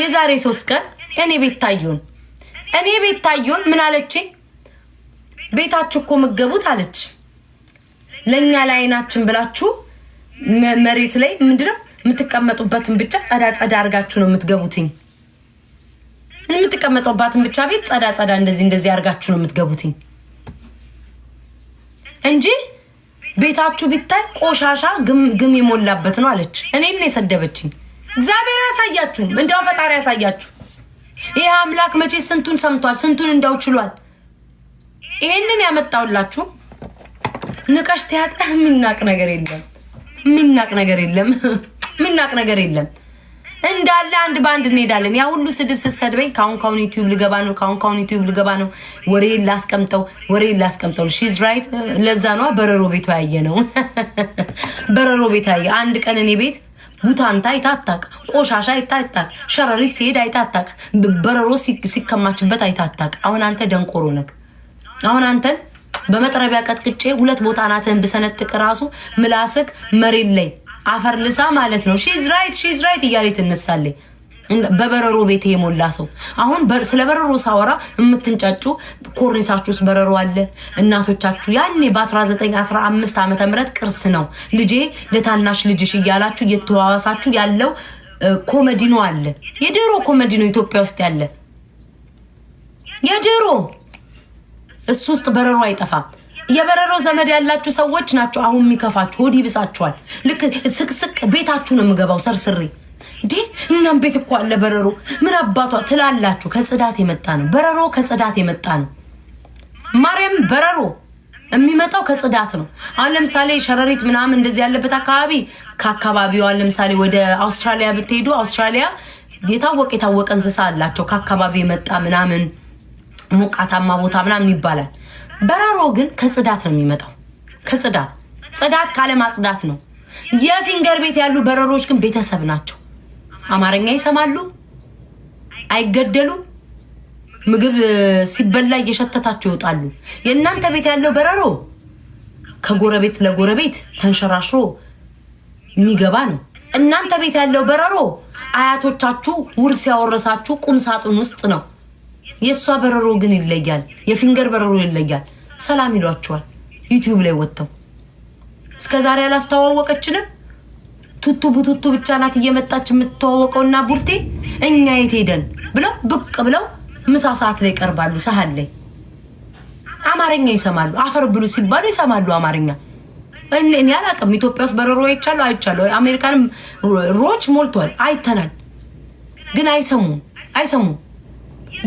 የዛሬ ሶስት ቀን እኔ ቤት ታዩን እኔ ቤት ታዩን ምን አለችኝ? ቤታችሁ እኮ ምገቡት አለች። ለእኛ ለአይናችን ብላችሁ መሬት ላይ ምንድነው የምትቀመጡበትን ብቻ ጸዳ ጸዳ አርጋችሁ ነው የምትገቡትኝ። የምትቀመጡባትን ብቻ ቤት ጸዳ ጸዳ እንደዚህ እንደዚህ አርጋችሁ ነው የምትገቡትኝ እንጂ ቤታችሁ ቢታይ ቆሻሻ ግም የሞላበት ነው አለች። እኔን ነው የሰደበችኝ። እግዚአብሔር አያሳያችሁም። እንደው ፈጣሪ ያሳያችሁ። ይህ አምላክ መቼ ስንቱን ሰምቷል፣ ስንቱን እንደው ችሏል። ይሄንን ያመጣውላችሁ ንቀሽ ትያጠህ የሚናቅ ነገር የለም፣ የሚናቅ ነገር የለም፣ የሚናቅ ነገር የለም። እንዳለ አንድ በአንድ እንሄዳለን። ያ ሁሉ ስድብ ስትሰድበኝ ካሁን ካሁን ዩቲዩብ ልገባ ነው፣ ካሁን ካሁን ዩቲዩብ ልገባ ነው። ወሬ ላስቀምጠው፣ ወሬ ላስቀምጠው። ሺዝ ራይት። ለዛ ነዋ በረሮ ቤቷ ያየ ነው በረሮ ቤት ያየ አንድ ቀን እኔ ቤት ቡታን ሙታንታ አይታታቅ፣ ቆሻሻ አይታታቅ፣ ሸረሪ ሲሄድ አይታታቅ፣ በረሮ ሲከማችበት አይታታቅ። አሁን አንተ ደንቆሮ ነክ። አሁን አንተን በመጥረቢያ ቀጥቅጬ ሁለት ቦታ ናትህን ብሰነጥቅ ራሱ ምላስክ መሬት ላይ አፈር ልሳ ማለት ነው። ሺዝ ራይት ሺዝ ራይት እያለ ትነሳለኝ። በበረሮ ቤት የሞላ ሰው አሁን ስለ በረሮ ሳወራ የምትንጫጩ ኮርኒሳችሁ ውስጥ በረሮ አለ። እናቶቻችሁ ያኔ በ1915 ዓመተ ምህረት ቅርስ ነው ልጄ ለታናሽ ልጅሽ እያላችሁ እየተዋዋሳችሁ ያለው ኮመዲኖ አለ። የድሮ ኮመዲኖ ኢትዮጵያ ውስጥ ያለ የድሮ እሱ ውስጥ በረሮ አይጠፋም። የበረሮ ዘመድ ያላችሁ ሰዎች ናቸው አሁን የሚከፋችሁ። ሆድ ይብሳችኋል። ልክ ስቅስቅ ቤታችሁ ነው የምገባው ሰርስሬ እንዴ እኛም ቤት እኮ አለ በረሮ። ምን አባቷ ትላላችሁ? ከጽዳት የመጣ ነው በረሮ፣ ከጽዳት የመጣ ነው ማርያም። በረሮ የሚመጣው ከጽዳት ነው። አሁን ለምሳሌ ሸረሪት ምናምን እንደዚህ ያለበት አካባቢ ከአካባቢው አሁን ለምሳሌ ወደ አውስትራሊያ ብትሄዱ አውስትራሊያ የታወቀ የታወቀ እንስሳ አላቸው ከአካባቢ የመጣ ምናምን ሞቃታማ ቦታ ምናምን ይባላል። በረሮ ግን ከጽዳት ነው የሚመጣው። ከጽዳት ጽዳት ካለማጽዳት ነው። የፊንገር ቤት ያሉ በረሮች ግን ቤተሰብ ናቸው። አማርኛ ይሰማሉ፣ አይገደሉም። ምግብ ሲበላ እየሸተታቸው ይወጣሉ። የእናንተ ቤት ያለው በረሮ ከጎረቤት ለጎረቤት ተንሸራሽሮ የሚገባ ነው። እናንተ ቤት ያለው በረሮ አያቶቻችሁ ውርስ ያወረሳችሁ ቁም ሳጥን ውስጥ ነው። የእሷ በረሮ ግን ይለያል። የፊንገር በረሮ ይለያል። ሰላም ይሏቸዋል ዩቲዩብ ላይ ወጥተው እስከ ዛሬ አላስተዋወቀችንም። ቱቱ ብቱቱ ብቻ ናት እየመጣች የምትተዋወቀውና ቡርቴ እኛ የት ሄደን ብለው ብቅ ብለው ምሳ ሰዓት ላይ ይቀርባሉ። ሰሀን ላይ አማርኛ ይሰማሉ። አፈር ብሉ ሲባሉ ይሰማሉ አማርኛ። እኔ አላውቅም። ኢትዮጵያ ውስጥ በረሮ አይቻሉ አይቻሉ። አሜሪካንም ሮች ሞልቷል፣ አይተናል። ግን አይሰሙም፣ አይሰሙም።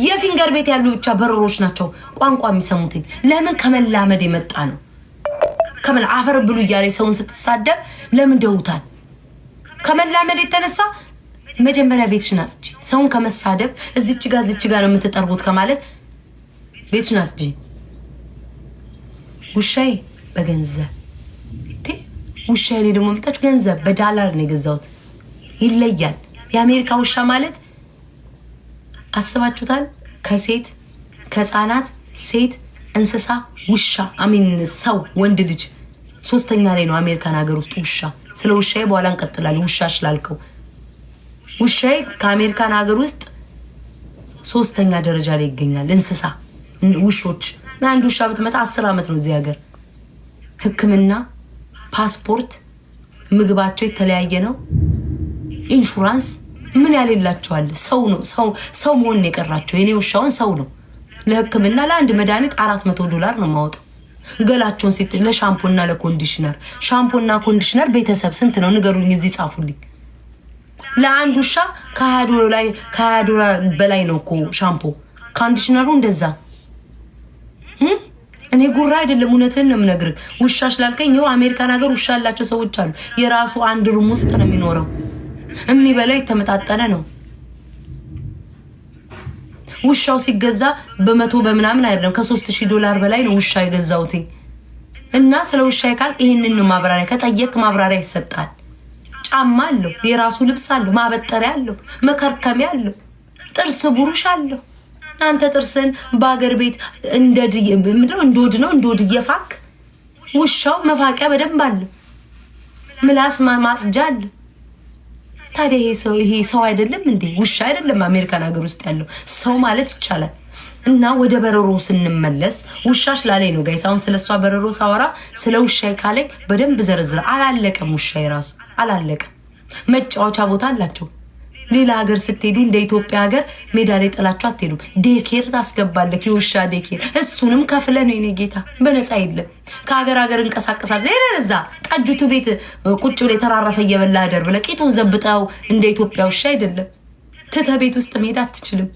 የፊንገር ቤት ያሉ ብቻ በረሮች ናቸው ቋንቋ የሚሰሙትኝ። ለምን ከመላመድ የመጣ ነው። ከመላ አፈር ብሉ እያለ ሰውን ስትሳደብ ለምን ደውታል? ከመላመድ የተነሳ መጀመሪያ ቤትሽን አጽጂ። ሰውን ከመሳደብ እዚች ጋር እዚች ጋር ነው የምትጠርቡት ከማለት ቤትሽን አጽጂ። ውሻዬ በገንዘብ ውሻዬ፣ እኔ ደግሞ የምጣችሁ ገንዘብ በዳላር ነው የገዛሁት። ይለያል። የአሜሪካ ውሻ ማለት አስባችሁታል? ከሴት ከህፃናት ሴት እንስሳ ውሻ አሚን ሰው ወንድ ልጅ ሶስተኛ ላይ ነው አሜሪካን ሀገር ውስጥ ውሻ። ስለ ውሻዬ በኋላ እንቀጥላለን። ውሻ ስላልከው ውሻዬ ከአሜሪካን ሀገር ውስጥ ሶስተኛ ደረጃ ላይ ይገኛል። እንስሳ ውሾች አንድ ውሻ ብትመጣ አስር ዓመት ነው እዚህ ሀገር። ሕክምና፣ ፓስፖርት፣ ምግባቸው የተለያየ ነው። ኢንሹራንስ ምን ያህል ሰው ነው ሰው መሆን የቀራቸው የኔ ውሻውን ሰው ነው። ለሕክምና ለአንድ መድኃኒት አራት መቶ ዶላር ነው የማወጣው። ገላቸውን ሴት ለሻምፖና ለኮንዲሽነር ሻምፖና ኮንዲሽነር ቤተሰብ ስንት ነው ንገሩኝ፣ እዚህ ጻፉልኝ። ለአንድ ውሻ ከሀያ ዶላር በላይ ነው እኮ ሻምፖ ኮንዲሽነሩ። እንደዛ እኔ ጉራ አይደለም፣ እውነትን ነው የምነግርህ። ውሻ ስላልከኝ ይኸው አሜሪካን ሀገር ውሻ ያላቸው ሰዎች አሉ። የራሱ አንድ ሩም ውስጥ ነው የሚኖረው። የሚበላው የተመጣጠነ ነው። ውሻው ሲገዛ በመቶ በምናምን አይደለም ከሶስት ሺህ ዶላር በላይ ነው ውሻ የገዛውትኝ። እና ስለ ውሻ ይካል ይህንን ማብራሪያ ከጠየቅ ማብራሪያ ይሰጣል። ጫማ አለው፣ የራሱ ልብስ አለው፣ ማበጠሪያ አለው፣ መከርከሚያ አለው፣ ጥርስ ብሩሽ አለው። አንተ ጥርስን በአገር ቤት እንደምለው እንደወድ ነው እንደወድ እየፋክ ውሻው መፋቂያ በደንብ አለው፣ ምላስ ማጽጃ አለው። ታዲያ ይሄ ሰው አይደለም እንዴ? ውሻ አይደለም? አሜሪካን ሀገር ውስጥ ያለው ሰው ማለት ይቻላል። እና ወደ በረሮ ስንመለስ ውሻ ስላለኝ ነው ጋይስ። አሁን ስለሷ በረሮ ሳወራ ስለ ውሻ ካለኝ በደንብ ዘረዝረ አላለቀም፣ ውሻ ራሱ አላለቀም። መጫወቻ ቦታ አላቸው። ሌላ ሀገር ስትሄዱ እንደ ኢትዮጵያ ሀገር ሜዳ ላይ ጥላችሁ አትሄዱም። ዴኬር ታስገባለህ፣ የውሻ ዴኬር። እሱንም ከፍለ ነው የኔ ጌታ፣ በነፃ የለም። ከሀገር ሀገር እንቀሳቀሳል። እዛ ጣጅቱ ቤት ቁጭ ብለህ የተራረፈ እየበላ ደር ብለህ ቂጡን ዘብጠው እንደ ኢትዮጵያ ውሻ አይደለም። ትተ ቤት ውስጥ መሄድ አትችልም።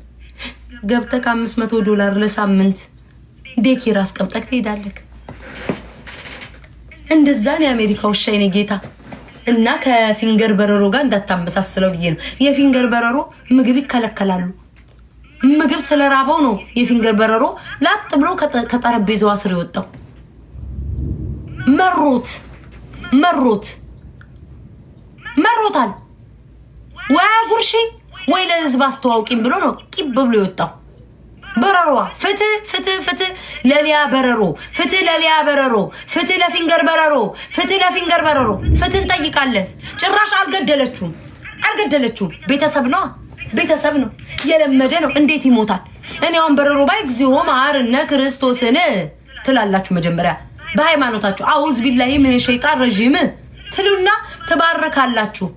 ገብተህ ከአምስት መቶ ዶላር ለሳምንት ዴኬር አስቀምጠህ ትሄዳለህ። እንደዛ ነው የአሜሪካ ውሻ የኔ ጌታ። እና ከፊንገር በረሮ ጋር እንዳታመሳስለው ብዬ ነው። የፊንገር በረሮ ምግብ ይከለከላሉ። ምግብ ስለራበው ነው የፊንገር በረሮ ላጥ ብሎ ከጠረጴዛዋ ስር የወጣው። መሮት መሮት መሮታል። ወይ አጉርሺ ወይ ለህዝብ አስተዋውቂም ብሎ ነው ቂብ ብሎ የወጣው። በረሯ ፍትህ ፍትህ ፍትህ ለሊያ በረሮ ፍትህ ለሊያ በረሮ ፍትህ ለፊንገር በረሮ ፍትህ ለፊንገር በረሮ ፍትህ እንጠይቃለን። ጭራሽ አልገደለችውም አልገደለችውም። ቤተሰብ ነው ቤተሰብ ነው የለመደ ነው። እንዴት ይሞታል? እኔ አሁን በረሮ ባይ እግዚኦ መሐረነ ክርስቶስን ትላላችሁ። መጀመሪያ በሃይማኖታችሁ አውዝ ቢላሂ ምን ሸይጣን ረዥም ትሉና ትባረካላችሁ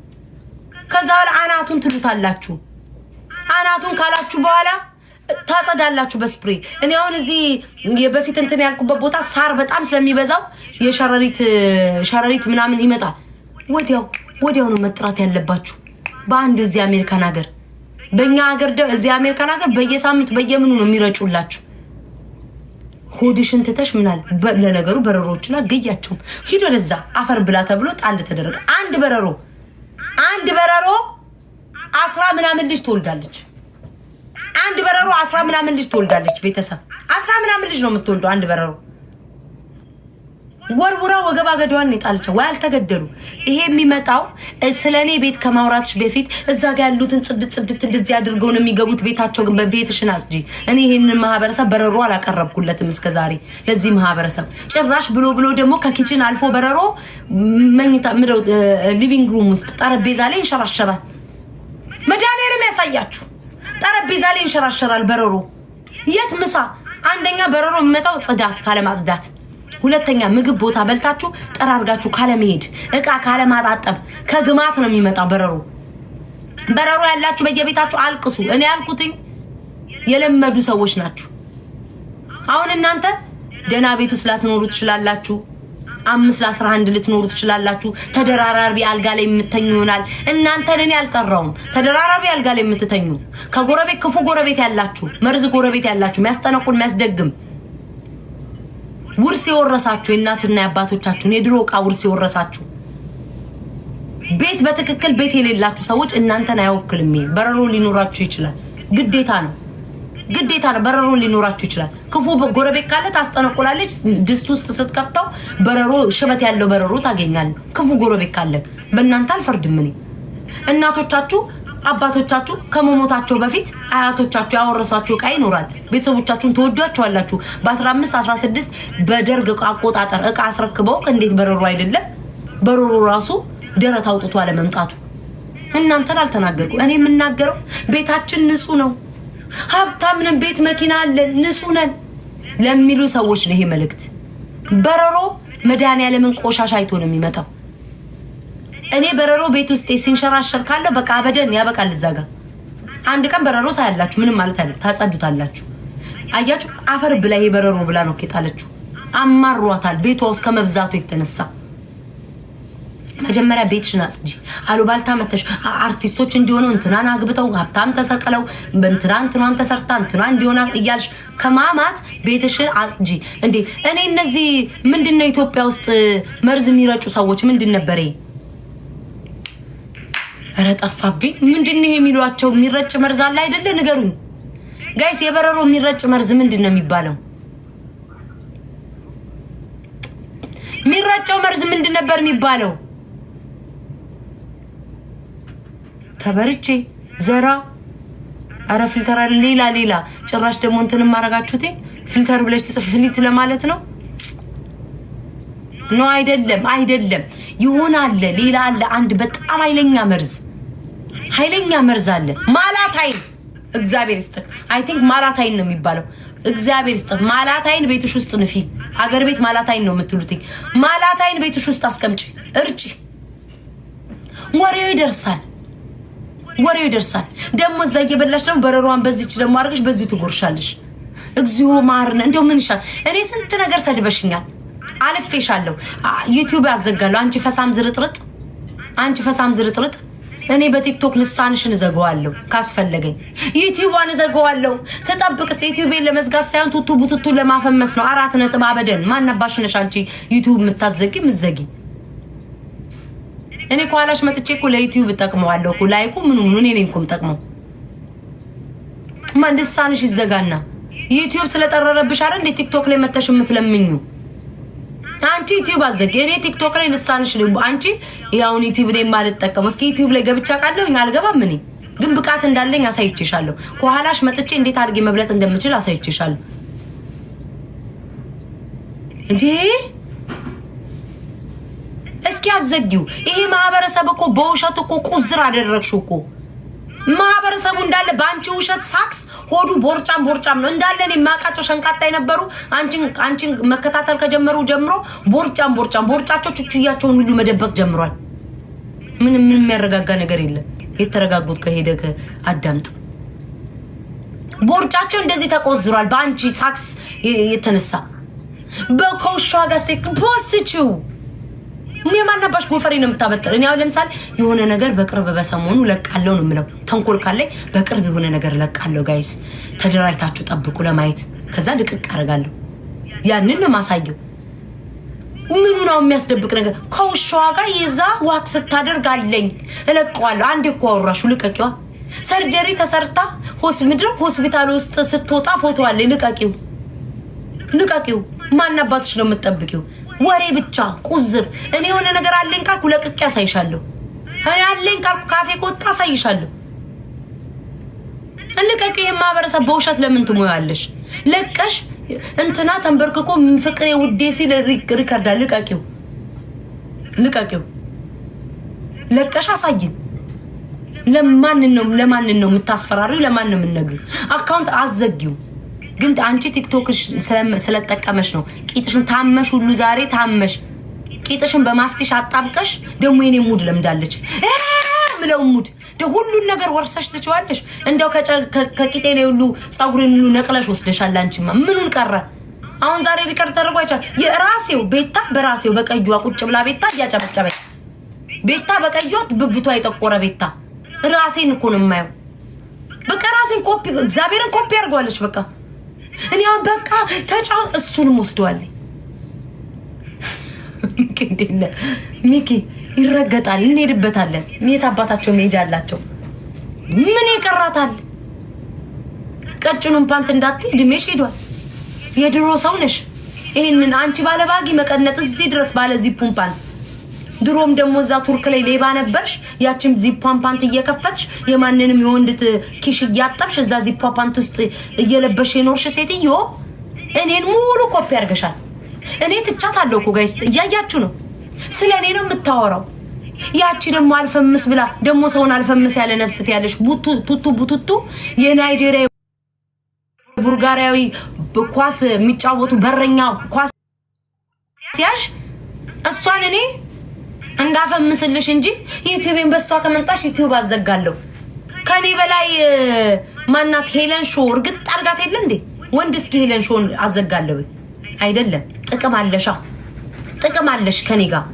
ከዛ በኋላ አናቱን ትሉታላችሁ። አናቱን ካላችሁ በኋላ ታጸዳላችሁ በስፕሬ እኔ አሁን እዚህ በፊት እንትን ያልኩበት ቦታ ሳር በጣም ስለሚበዛው የሸረሪት ሸረሪት ምናምን ይመጣል። ወዲያው ወዲያው ነው መጥራት ያለባችሁ በአንድ እዚህ አሜሪካን ሀገር፣ በእኛ ሀገር እዚህ አሜሪካን ሀገር በየሳምንቱ በየምኑ ነው የሚረጩላችሁ። ሆድሽን ትተሽ ምናል። ለነገሩ በረሮዎችን አገያቸውም። ሂድ ወደዛ አፈር ብላ ተብሎ ጣል ተደረገ። አንድ በረሮ አንድ በረሮ አስራ ምናምን ልጅ ትወልዳለች። አንድ በረሮ አስራ ምናምን ልጅ ትወልዳለች። ቤተሰብ አስራ ምናምን ልጅ ነው የምትወልደው አንድ በረሮ። ወርውራ ወገባ ገዳዋን የጣለቻ ወይ አልተገደሉ። ይሄ የሚመጣው ስለ እኔ ቤት ከማውራትሽ በፊት እዛ ጋ ያሉትን ጽድት ጽድት እንደዚህ አድርገው ነው የሚገቡት ቤታቸው። ግን በቤትሽን አስጂ። እኔ ይህንን ማህበረሰብ በረሮ አላቀረብኩለትም እስከዛሬ ለዚህ ማህበረሰብ። ጭራሽ ብሎ ብሎ ደግሞ ከኪችን አልፎ በረሮ መኝታ ሊቪንግ ሩም ውስጥ ጠረጴዛ ላይ ይንሸራሸራል። መድኃኒዓለም ያሳያችሁ። ጠረጴዛ ላይ ይንሸራሸራል በረሮ። የት ምሳ? አንደኛ በረሮ የሚመጣው ጽዳት ካለማጽዳት፣ ሁለተኛ ምግብ ቦታ በልታችሁ ጠራርጋችሁ ካለመሄድ፣ እቃ ካለማጣጠብ፣ ከግማት ነው የሚመጣው በረሮ። በረሮ ያላችሁ በየቤታችሁ አልቅሱ። እኔ ያልኩትኝ የለመዱ ሰዎች ናችሁ። አሁን እናንተ ደህና ቤቱ ስላትኖሩ ትችላላችሁ። አምስት ለአስራ አንድ ልትኖሩ ትችላላችሁ። ተደራራቢ አልጋ ላይ የምተኙ ይሆናል። እናንተን እኔ አልጠራውም። ተደራራቢ አልጋ ላይ የምትተኙ ከጎረቤት ክፉ ጎረቤት ያላችሁ፣ መርዝ ጎረቤት ያላችሁ፣ የሚያስጠነቁል የሚያስደግም ውርስ የወረሳችሁ የእናትና የአባቶቻችሁን የድሮ ዕቃ ውርስ የወረሳችሁ ቤት በትክክል ቤት የሌላችሁ ሰዎች እናንተን አይወክልም። በረሮ ሊኖራችሁ ይችላል፣ ግዴታ ነው። ግዴታ ነው። በረሮ ሊኖራቸው ይችላል። ክፉ ጎረቤት ካለ ታስጠነቁላለች። ድስት ውስጥ ስትከፍተው በረሮ ሽበት ያለው በረሮ ታገኛለ። ክፉ ጎረቤት ካለ በእናንተ አልፈርድም እኔ። እናቶቻችሁ አባቶቻችሁ ከመሞታቸው በፊት አያቶቻችሁ ያወረሳችሁ እቃ ይኖራል። ቤተሰቦቻችሁን ተወዷቸዋላችሁ። በ15 16 በደርግ አቆጣጠር እቃ አስረክበው እንዴት በረሮ አይደለም በረሮ ራሱ ደረት አውጥቶ አለመምጣቱ እናንተን አልተናገርኩም። እኔ የምናገረው ቤታችን ንጹህ ነው። ሀብታም ነን፣ ቤት መኪና አለን፣ ንጹህ ነን ለሚሉ ሰዎች ነው ይሄ መልእክት። በረሮ መድኃኒዓለምን ቆሻሻ አይቶ ነው የሚመጣው። እኔ በረሮ ቤት ውስጥ ሲንሸራሸር ካለው በቃ አበደን ያበቃል። እዛ ጋር አንድ ቀን በረሮ ታያላችሁ። ምንም ማለት አይደለም፣ ታጸዱታላችሁ። አያችሁ፣ አፈር ብላ ይሄ በረሮ ብላ ነው ኬጣለችሁ። አማሯታል ቤቷ ውስጥ ከመብዛቱ የተነሳ መጀመሪያ ቤትሽን አጽጂ። አሉባልታ መተሽ አርቲስቶች እንዲሆኑ እንትናን አግብተው ሀብታም ተሰቅለው እንትና እንትኗን ተሰርታ እንትና እንዲሆና እያልሽ ከማማት ቤትሽን አጽጂ። እንዴ እኔ እነዚህ ምንድን ነው ኢትዮጵያ ውስጥ መርዝ የሚረጩ ሰዎች ምንድን ነበር? ኧረ ጠፋብኝ። ምንድን ነው የሚሏቸው? የሚረጭ መርዝ አለ አይደለ? ንገሩኝ ጋይስ። የበረሮ የሚረጭ መርዝ ምንድን ነው የሚባለው? የሚረጨው መርዝ ምንድን ነበር የሚባለው? ከበርቼ ዘራ አረ ፊልተር አለ ሌላ ሌላ። ጭራሽ ደግሞ እንትን ማረጋችሁት ፊልተር ብለሽ ትጽፍ ፍሊት ለማለት ነው። ኖ አይደለም፣ አይደለም። ይሆን አለ ሌላ አለ አንድ በጣም ኃይለኛ መርዝ፣ ኃይለኛ መርዝ አለ። ማላታይን እግዚአብሔር ይስጥ። አይ ቲንክ ማላታይን ነው የሚባለው። እግዚአብሔር ይስጥ። ማላታይን ቤትሽ ውስጥ ንፊ። አገር ቤት ማላታይን ነው የምትሉት። ማላታይን ቤትሽ ውስጥ አስቀምጪ፣ እርጪ። ወሬው ይደርሳል። ወሬው ይደርሳል። ደግሞ እዛ እየበላሽ ደግሞ በረሯን በዚች ደግሞ አድርገሽ በዚሁ ትጎርሻለሽ። እግዚኦ ማርነ እንደው ምን ይሻል? እኔ ስንት ነገር ሰድበሽኛል፣ አልፌሻለሁ። ዩቲዩብ ያዘጋለሁ። አንቺ ፈሳም ዝርጥርጥ፣ አንቺ ፈሳም ዝርጥርጥ። እኔ በቲክቶክ ልሳንሽን እዘጋዋለሁ፣ ካስፈለገኝ ዩቲዩቧን እዘጋዋለሁ። ተጠብቅስ ዩቲዩቤን ለመዝጋት ሳይሆን ቱቱ ቡቱቱ ለማፈመስ ነው። አራት ነጥብ አበደን። ማናባሽ ነሽ አንቺ ዩቲዩብ የምታዘጊ ምዘጊ እኔ ከኋላሽ መጥቼ እኮ ለዩቲዩብ እጠቅመዋለሁ እኮ ላይኩ ምኑ ምኑ እኔ ነኝ እኮ የምጠቅመው። ማን ልሳንሽ ይዘጋና ዩቲዩብ ስለጠረረብሽ አይደል እንዴ ቲክቶክ ላይ መተሽ የምትለምኙ አንቺ ዩቲዩብ አዘጊ። እኔ ቲክቶክ ላይ ልሳንሽ አንቺ ያውን ዩቲዩብ ላይ ማልጠቀመው እስኪ ዩቲዩብ ላይ ገብቻ ቃለሁ አልገባም እኔ ግን ብቃት እንዳለኝ አሳይቼሻለሁ። ከኋላሽ መጥቼ እንዴት አድርጌ መብለጥ እንደምችል አሳይቼሻለሁ እንዴ እስኪ አዘጊው። ይሄ ማህበረሰብ እኮ በውሸት እኮ ቁዝር አደረግሽው እኮ ማህበረሰቡ እንዳለ በአንቺ ውሸት ሳክስ ሆዱ ቦርጫም ቦርጫም ነው እንዳለ። እኔ የማውቃቸው ሸንቃጣ የነበሩ አንቺን አንቺን መከታተል ከጀመሩ ጀምሮ ቦርጫም ቦርጫም ቦርጫቸው ቹቹያቸውን ሁሉ መደበቅ ጀምሯል። ምን ምን የሚያረጋጋ ነገር የለም። የተረጋጉት ከሄደ አዳምጥ። ቦርጫቸው እንደዚህ ተቆዝሯል በአንቺ ሳክስ የተነሳ በኮሽዋ ጋር ሴክ ፖስችው የማናባሽ ጎፈሬ ነው የምታበጥር። እኔ አሁን ለምሳሌ የሆነ ነገር በቅርብ በሰሞኑ ለቃለው ነው የምለው። ተንኮል ካለኝ በቅርብ የሆነ ነገር ለቃለው። ጋይስ ተደራጅታችሁ ጠብቁ ለማየት። ከዛ ልቅቅ አደርጋለሁ። ያንን ማሳየው ምኑ ነው የሚያስደብቅ ነገር? ከውሻዋ ጋር የዛ ዋክ ስታደርግ አለኝ እለቀዋለሁ። አንዴ እኮ አወራሹ ልቀቂዋ። ሰርጀሪ ተሰርታ ምድር ሆስፒታል ውስጥ ስትወጣ ፎቶ አለኝ። ልቀቂው፣ ልቀቂው አባትሽ ነው የምትጠብቂው? ወሬ ብቻ ቁዝር። እኔ የሆነ ነገር አለኝ ካልኩ ለቅቄ አሳይሻለሁ። እኔ አለኝ ካልኩ ካፌ ከወጣ አሳይሻለሁ። እንቀቂ። የማህበረሰብ በውሸት ለምን ትሞያለሽ? ለቀሽ እንትና ተንበርክኮ ፍቅሬ ውዴ ሲል ሪካርዳ ልቀቂው፣ ልቀቂው። ለቀሽ አሳይን። ለማንን ነው ለማንን ነው የምታስፈራሪው? ለማን ነው አካውንት አዘጊው። ግን አንቺ ቲክቶክሽ ስለጠቀመሽ ነው። ቂጥሽን ታመሽ ሁሉ ዛሬ ታመሽ ቂጥሽን በማስቲሽ አጣብቀሽ ደግሞ የኔ ሙድ ለምዳለች ምለው ሙድ ሁሉን ነገር ወርሰሽ ትችዋለሽ። እንደው ከቂጤ ነው ሁሉ ፀጉሬን ሁሉ ነቅለሽ ወስደሻል። አንቺማ ምኑን ቀረ? አሁን ዛሬ ሪከርድ ተደርጎ አይቻል የራሴው ቤታ በራሴው በቀዩዋ ቁጭ ብላ ቤታ እያጨበጨበኝ ቤታ በቀዩት ብብቷ የጠቆረ ቤታ ራሴን እኮ ነው የማየው። በቃ ራሴን ኮፒ እግዚአብሔርን ኮፒ አድርገዋለች በቃ እኔ በቃ ተጫ እሱንም ወስደዋለኝ። ሚኪ ይረገጣል፣ እንሄድበታለን። የት አባታቸው መሄጃ አላቸው? ምን ይቀራታል? ቀጭኑን ፓንት እንዳትይ እድሜሽ ሄዷል። የድሮ ሰው ነሽ። ይህንን አንቺ ባለባጊ መቀነጥ እዚህ ድረስ ባለ ዚፑን ድሮም ደግሞ እዛ ቱርክ ላይ ሌባ ነበርሽ። ያችም ዚፓን ፓንት እየከፈትሽ የማንንም የወንድት ኪሽ እያጠብሽ እዛ ዚፓ ፓንት ውስጥ እየለበሽ የኖርሽ ሴትዮ እኔን ሙሉ ኮፒ አድርገሻል። እኔ ትቻት አለው እኮ ጋይስ፣ እያያችሁ ነው። ስለ እኔ ነው የምታወራው። ያቺ ደግሞ አልፈምስ ብላ ደግሞ ሰውን አልፈምስ ያለ ነፍስት ያለሽ ቱቱ ቡቱቱ የናይጄሪያ ቡልጋሪያዊ ኳስ የሚጫወቱ በረኛ ኳስ ሲያሽ እሷን እኔ እንዳፈምስልሽ እንጂ ዩቲዩብን በሷ ከመልጣሽ ዩቲዩብ አዘጋለሁ። ከኔ በላይ ማናት ሄለን ሾ እርግጥ አርጋት የለ እንዴ ወንድ እስኪ ሄለን ሾን አዘጋለሁ። አይደለም ጥቅም አለሻ ጥቅም አለሽ ከኔ ጋር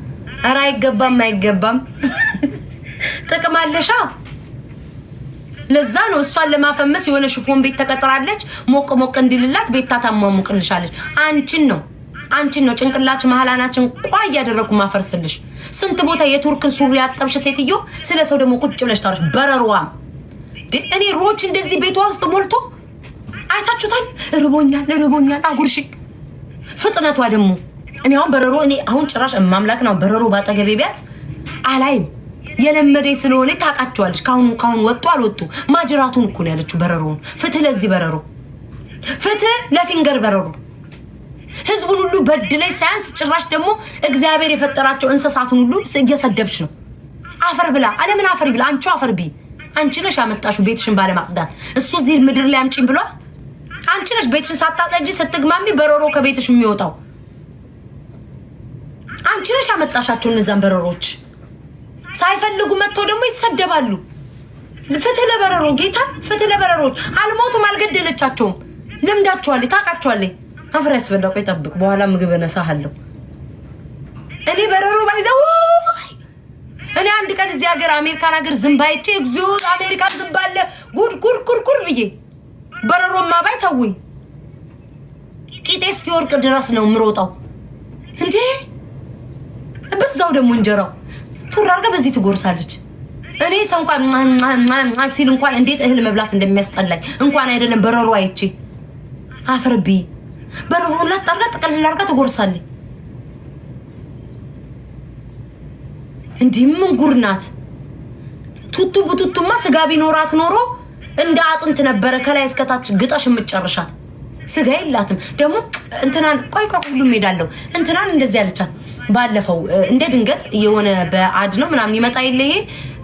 ኧረ አይገባም አይገባም ጥቅም አለሻ። ለዛ ነው እሷን ለማፈመስ የሆነ ሽፎን ቤት ተቀጥራለች። ሞቅ ሞቅ እንዲልላት ቤታ ታሟሙቅልሻለች። አንቺን ነው አንቺን ነው ጭንቅላች መሀል ቋ እያደረጉ ማፈርስልሽ። ስንት ቦታ የቱርክን ሱሪ ያጠብሽ ሴትዮ፣ ስለ ሰው ደግሞ ቁጭ ብለሽ ታወራሽ። በረሯም እኔ ሮች እንደዚህ ቤቷ ውስጥ ሞልቶ አይታችሁታል። ርቦኛል፣ ርቦኛል አጉርሽ። ፍጥነቷ ደግሞ እኔ አሁን በረሮ እኔ አሁን ጭራሽ ማምላክ ነው በረሮ ባጠገቤ ቢያት አላይም። የለመደ ስለሆነ ታውቃቸዋለች። ካሁን ካሁን ወጡ አልወጡ ማጅራቱን እኮ ነው ያለችው። በረሮ ፍትህ ለዚህ በረሮ ፍትህ ለፊንገር በረሮ ህዝቡን ሁሉ በድለሽ ሳያንስ ጭራሽ ደግሞ እግዚአብሔር የፈጠራቸው እንስሳትን ሁሉ እየሰደብሽ ነው። አፈር ብላ አለምን አፈር ይብላ። አንቺ አፈር ቢ አንቺ ነሽ ያመጣሽው ቤትሽን ባለማጽዳት። እሱ እዚህ ምድር ላይ አምጪኝ ብሏል። አንቺ ነሽ ቤትሽን ሳታጸጂ ስትግማሚ በረሮ ከቤትሽ የሚወጣው አንቺ ነሽ ያመጣሻቸው እነዚያን በረሮች። ሳይፈልጉ መጥተው ደግሞ ይሰደባሉ። ፍትህ ለበረሮ ጌታ፣ ፍትህ ለበረሮች። አልሞቱም፣ አልገደለቻቸውም። ልምዳቸዋለች፣ ታውቃቸዋለች። አፈር ያስበላ። ቆይ ጠብቅ፣ በኋላ ምግብ እነሳሃለሁ። እኔ በረሮ ባይዘው እኔ አንድ ቀን እዚህ ሀገር አሜሪካን ሀገር ዝም ባይቼ እግዚኦ አሜሪካን ዝም ባለ ጉድ ጉድ ጉድ ጉድ ብዬ በረሮ ማባይ ተውኝ። ቂጤ እስኪወርቅ ድረስ ነው የምሮጠው። እንዴ በዛው ደግሞ እንጀራው ቱር አድርጋ በዚህ ትጎርሳለች። እኔ ሰው እንኳን ሲል እንኳን እንዴት እህል መብላት እንደሚያስጠላኝ እንኳን አይደለም በረሮ አይቼ አፈርብኝ። በርሩ ላት አርጋ ጥቅልል አርጋ ትጎርሳለች። እንዲህ ምን ጉር ናት? ቱቱ ቡቱቱማ ስጋ ቢኖራት ኖሮ እንደ አጥንት ነበረ ከላይ እስከታች ግጠሽ የምትጨርሻት። ስጋ የላትም ደግሞ እንትናን ቆይ ቆይ ሁሉ ሄዳለሁ እንትናን እንደዚህ ያለቻት ባለፈው እንደ ድንገት የሆነ በአድ ነው ምናምን ይመጣ የለ ይሄ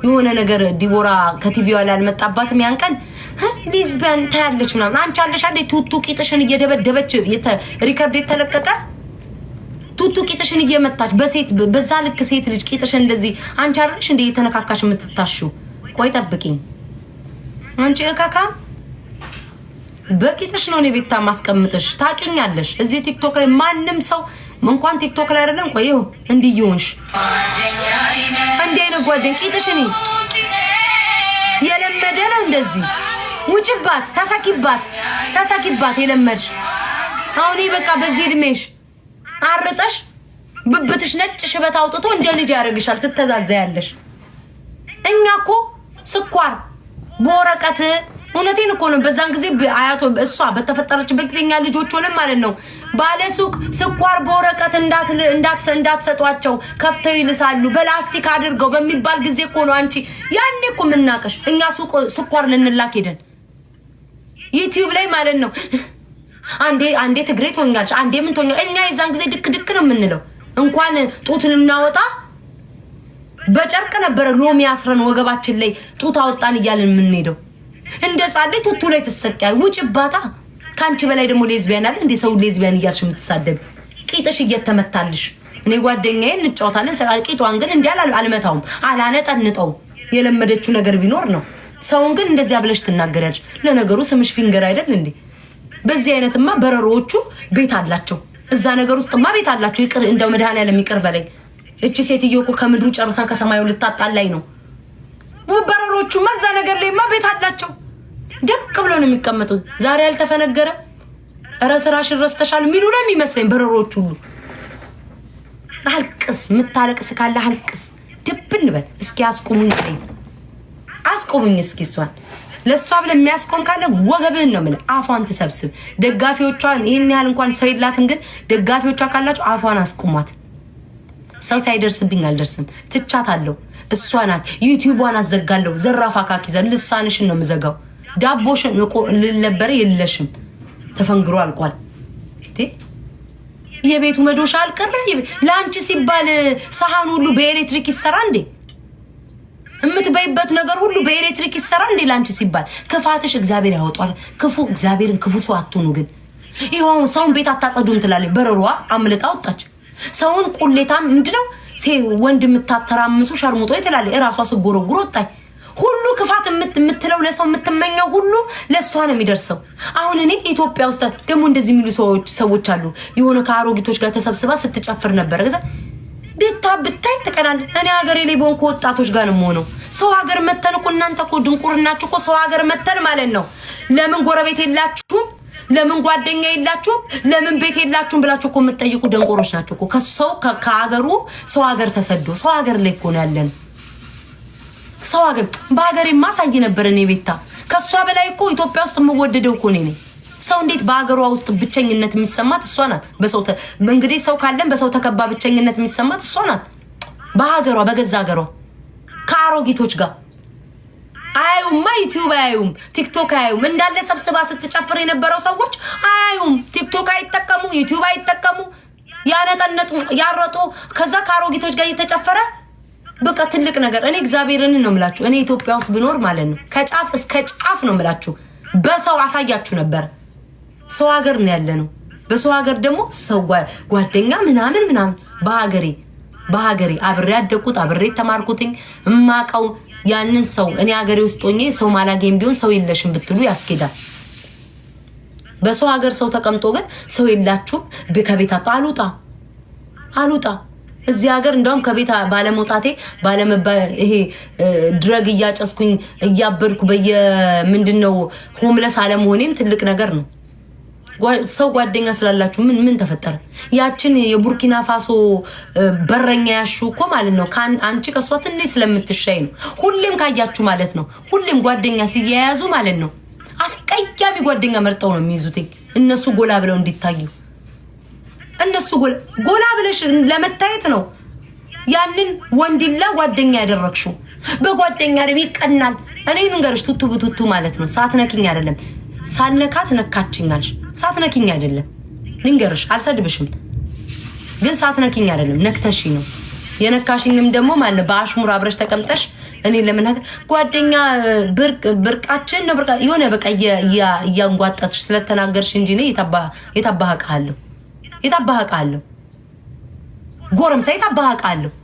የሆነ ነገር ዲቦራ ከቲቪ ላይ አልመጣባትም። ያን ቀን ሊዝበን ታያለች ምናምን አንቺ አለሽ አለ ቱቱ ቂጥሽን እየደበደበች ሪከርድ የተለቀቀ ቱቱ ቂጥሽን እየመታች በሴት በዛ ልክ ሴት ልጅ ቂጥሽን እንደዚህ አንቺ አለሽ እንደ እየተነካካሽ የምትታሹ ቆይ ጠብቂኝ። አንቺ እካካ በቂጥሽ ነው እኔ ቤታ ማስቀምጥሽ ታውቂኛለሽ። እዚህ ቲክቶክ ላይ ማንም ሰው እንኳን ቲክቶክ ላይ አይደለም። ቆይ ይኸው እንዲህ ይሁንሽ እንዲህ አይነት ጓደኛ ቂጥሽኒ የለመደ ነው እንደዚህ ውጭባት፣ ተሳኪባት፣ ተሳኪባት የለመድሽ አሁን በቃ በዚህ እድሜሽ አርጠሽ ብብትሽ ነጭ ሽበት አውጥቶ እንደ ልጅ ያደርግሻል። ትተዛዘያለሽ። እኛ እኮ ስኳር በወረቀት እውነቴን እኮ ነው። በዛን ጊዜ አያቶ እሷ በተፈጠረችበት ጊዜ ልጆች ሆነ ማለት ነው ባለሱቅ ስኳር በወረቀት እንዳትሰጧቸው ከፍተው ይልሳሉ በላስቲክ አድርገው በሚባል ጊዜ እኮ ነው። አንቺ ያኔ እኮ የምናቀሽ እኛ ስኳር ልንላክ ሄደን ዩቲዩብ ላይ ማለት ነው። አንዴ አንዴ ትግሬ ትሆኛለች፣ አንዴ ምን ትሆኛለች። እኛ የዛን ጊዜ ድክ ድክ ነው የምንለው። እንኳን ጡት ልናወጣ በጨርቅ ነበረ ሎሚ አስረን ወገባችን ላይ ጡት አወጣን እያለን የምንሄደው። እንደ ጻለ ቱቱ ላይ ትሰቂያል። ጭባታ ከአንቺ በላይ ደግሞ ሌዝቢያን አለ እንዴ? ሰው ሌዝቢያን እያልሽ የምትሳደብ ቂጥሽ እየተመታልሽ። እኔ ጓደኛዬ እንጫወታለን። ቂጧን ግን እንዲህ አልመታውም፣ አላነጠንጠው። የለመደችው ነገር ቢኖር ነው። ሰውን ግን እንደዚያ ብለሽ ትናገሪያለሽ። ለነገሩ ስምሽ ፊንገር አይደል እንዴ? በዚህ አይነትማ በረሮዎቹ ቤት አላቸው። እዛ ነገር ውስጥማ ቤት አላቸው። ይቅር እንደው መድኃኔዓለም ይቅር በለኝ። እቺ ሴትዮ እኮ ከምድሩ ጨርሰን ከሰማዩ ልታጣላይ ነው። በረሮቹ መዛ ነገር ላይማ ቤት አላቸው። ደቅ ብሎ ነው የሚቀመጡት። ዛሬ አልተፈነገረ እረ ስራሽን ረስተሻል የሚሉ ነው የሚመስለኝ በረሮቹ ሁሉ። አልቅስ፣ የምታለቅስ ካለ አልቅስ። ድብ በል እስኪ አስቁሙኝ፣ አስቁሙኝ እስኪ እሷን ለእሷ ብለ የሚያስቆም ካለ ወገብህን ነው የምልህ። አፏን ትሰብስብ። ደጋፊዎቿን ይህን ያህል እንኳን ሰው የላትም፣ ግን ደጋፊዎቿ ካላቸው አፏን አስቁሟት። ሰው ሳይደርስብኝ አልደርስም። ትቻት እሷ ናት ዩቲዩቧን አዘጋለሁ። ዘራፍ አካኪዘ ልሳንሽን ነው የምዘጋው። ዳቦሽን ልነበረ የለሽም። ተፈንግሮ አልቋል። የቤቱ መዶሻ አልቀረ። ለአንቺ ሲባል ሰሃን ሁሉ በኤሌክትሪክ ይሰራ እንዴ? የምትበይበት ነገር ሁሉ በኤሌክትሪክ ይሰራ እንዴ? ለአንቺ ሲባል ክፋትሽ እግዚአብሔር ያወጧል። ክፉ እግዚአብሔርን ክፉ ሰው አትሆኑ። ግን ይኸው ሰውን ቤት አታጸዱም ትላለች። በረሯ አምልጣ ወጣች። ሰውን ቁሌታ ምንድነው ወንድ የምታተራምሱ ሸርሙጦ ትላለች። እራሷ ስጎረጉሮ ወጣኝ ሁሉ ክፋት የምትለው ለሰው የምትመኘው ሁሉ ለእሷ ነው የሚደርሰው። አሁን እኔ ኢትዮጵያ ውስጥ ደግሞ እንደዚህ የሚሉ ሰዎች አሉ። የሆነ ከአሮጊቶች ጋር ተሰብስባ ስትጨፍር ነበረ ከዛ ቤታ ብታይ ትቀናል። እኔ ሀገሬ ላይ በሆን ከወጣቶች ጋር ነው የምሆነው። ሰው ሀገር መተን እኮ እናንተ እኮ ድንቁርናችሁ እኮ ሰው ሀገር መተን ማለት ነው። ለምን ጎረቤት የላችሁም? ለምን ጓደኛ የላችሁም፣ ለምን ቤት የላችሁም ብላችሁ እኮ የምትጠይቁ ደንቆሮች ናቸው እኮ። ከሰው ከሀገሩ ሰው ሀገር ተሰዶ ሰው ሀገር ላይ እኮ ነው ያለን። ሰው ሀገር በሀገሬ ማሳይ ነበር እኔ ቤታ። ከእሷ በላይ እኮ ኢትዮጵያ ውስጥ የምወደደው እኮ እኔ ነኝ። ሰው እንዴት በሀገሯ ውስጥ ብቸኝነት የሚሰማት እሷ ናት። በሰው እንግዲህ ሰው ካለን በሰው ተከባ ብቸኝነት የሚሰማት እሷ ናት። በሀገሯ በገዛ ሀገሯ ከአሮጊቶች ጋር አያዩማ። ዩቲዩብ አያዩም፣ ቲክቶክ አያዩም። እንዳለ ሰብስባ ስትጨፍር የነበረው ሰዎች አያዩም። ቲክቶክ አይጠቀሙ፣ ዩቲዩብ አይጠቀሙ። ያነጠነጡ ያረጡ፣ ከዛ ከአሮጊቶች ጋር እየተጨፈረ በቃ ትልቅ ነገር። እኔ እግዚአብሔርን ነው የምላችሁ። እኔ ኢትዮጵያ ውስጥ ብኖር ማለት ነው ከጫፍ እስከ ጫፍ ነው የምላችሁ። በሰው አሳያችሁ ነበር። ሰው ሀገር ነው ያለ ነው። በሰው ሀገር ደግሞ ሰው ጓደኛ ምናምን ምናምን። በሀገሬ በሀገሬ አብሬ ያደግኩት አብሬ የተማርኩትኝ እማቀው ያንን ሰው እኔ ሀገሬ ውስጥ ሆኜ ሰው ማላገኝ ቢሆን ሰው የለሽም ብትሉ ያስኬዳል። በሰው ሀገር ሰው ተቀምጦ ግን ሰው የላችሁም ከቤት አሉጣ አልውጣ እዚህ ሀገር እንደውም ከቤት ባለመውጣቴ ይሄ ድረግ እያጨስኩኝ እያበድኩ በየምንድን ነው ሆምለስ አለመሆኔም ትልቅ ነገር ነው። ሰው ጓደኛ ስላላችሁ ምን ምን ተፈጠረ? ያችን የቡርኪና ፋሶ በረኛ ያሹ እኮ ማለት ነው። አንቺ ከእሷ ትንሽ ስለምትሻይ ነው። ሁሌም ካያችሁ ማለት ነው። ሁሌም ጓደኛ ሲያያዙ ማለት ነው። አስቀያሚ ጓደኛ መርጠው ነው የሚይዙት እነሱ ጎላ ብለው እንዲታዩ። እነሱ ጎላ ብለሽ ለመታየት ነው ያንን ወንዲላ ጓደኛ ያደረግሽው። በጓደኛ ደም ይቀናል። እኔ ንገርሽ ቱቱ ብቱቱ ማለት ነው። ሳትነኪኝ አይደለም ሳልነካት ነካችኛል። ሳትነኪኝ አይደለም ልንገርሽ፣ አልሰድብሽም፣ ግን ሳትነኪኝ አይደለም ነክተሽኝ ነው። የነካሽኝም ደግሞ ማለ በአሽሙር አብረሽ ተቀምጠሽ እኔ ለመናገር ጓደኛ ብርቃችን ነው ብርቃ የሆነ በቃ እያንጓጠትሽ ስለተናገርሽ እንጂ እኔ የታባሃቃለሁ የታባሃቃለሁ ጎረምሳ የታባሃቃለሁ